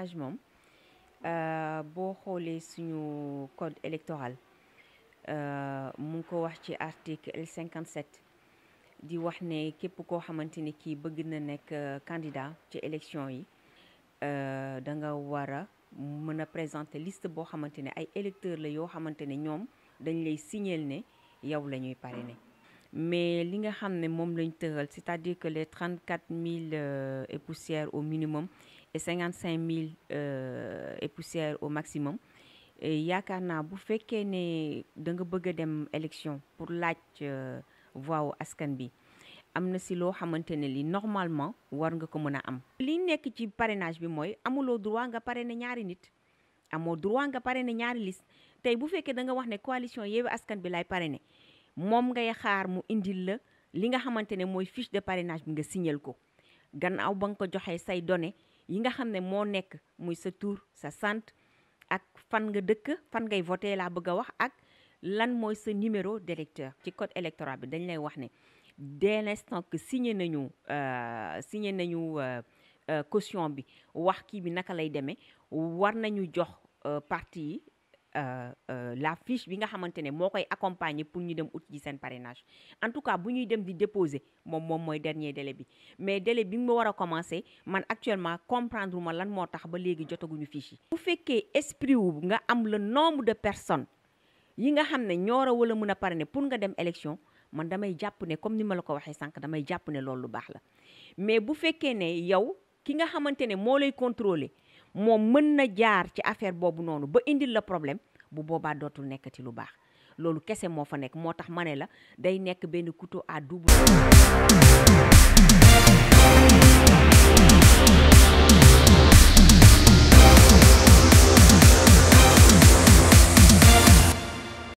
parrainage moom euh, boo xoolee suñu code électoral euh, mu ngi ko wax ci article L57 di wax ne képp koo xamante ni kii bëgg na nekk euh, candidat ci élection yi da nga war a mën a présenter liste boo xamante ne ay électeurs la yoo xamante ne ñoom dañ lay signeel ne yow la ñuy parrainer mais li nga xam ne moom lañ tëral c'est-à-dire que les 34 000 et poussières au minimum et cinquante cinq mille et euh, poussière au maximum yaakaar naa bu fekkee ne danga nga bëgg a dem élection pour laaj euh, voix wu askan bi am na si loo xamante ne li normalement war nga ko mën a am. li nekk ci parrainage bi mooy amuloo droit nga parrainer ñaari nit amoo droit nga parrainer ñaari liste tey bu fekkee da nga wax ne coalition Yewwi Askan bi lay parrainer moom ngay xaar mu indil la li nga xamante ne mooy fiche de parrainage bi nga signal ko gannaaw ba nga ko joxee say données. yi nga xam ne moo nekk muy sa tur sa sant ak fan nga dëkk fan ngay vote laa bëgg a wax ak lan mooy sa numéro d'électeur ci code électoral bi dañ lay wax ne dès l'instant que signé nañu euh, signe nañu euh, euh, caution bi wax kii bi naka lay demee war nañu jox parti yi Euh, euh, la fiche bi nga xamante ne moo koy accompagner pour ñu dem ut ji seen parrainage en tout cas bu ñuy dem di déposé moom moom mooy dernier délai bi mais délai bi mu war a commencer man actuellement comprendre ma lan moo tax ba léegi jotaguñu fiche yi. bu fekkee esprit wu nga am le nombre de personne yi nga xam ne ñoo war a wala mën a parrainer pour nga dem élection man damay jàpp ne comme ni ma la ko waxee sànq damay jàpp ne loolu lu baax la mais bu fekkee ne yow ki nga xamante ne moo lay contrôler. moom mën na jaar ci affaire boobu noonu ba indil la problème bu boobaa dootul nekkati lu baax loolu kese moo fa nekk moo tax ma ne la day nekk benn couteau à double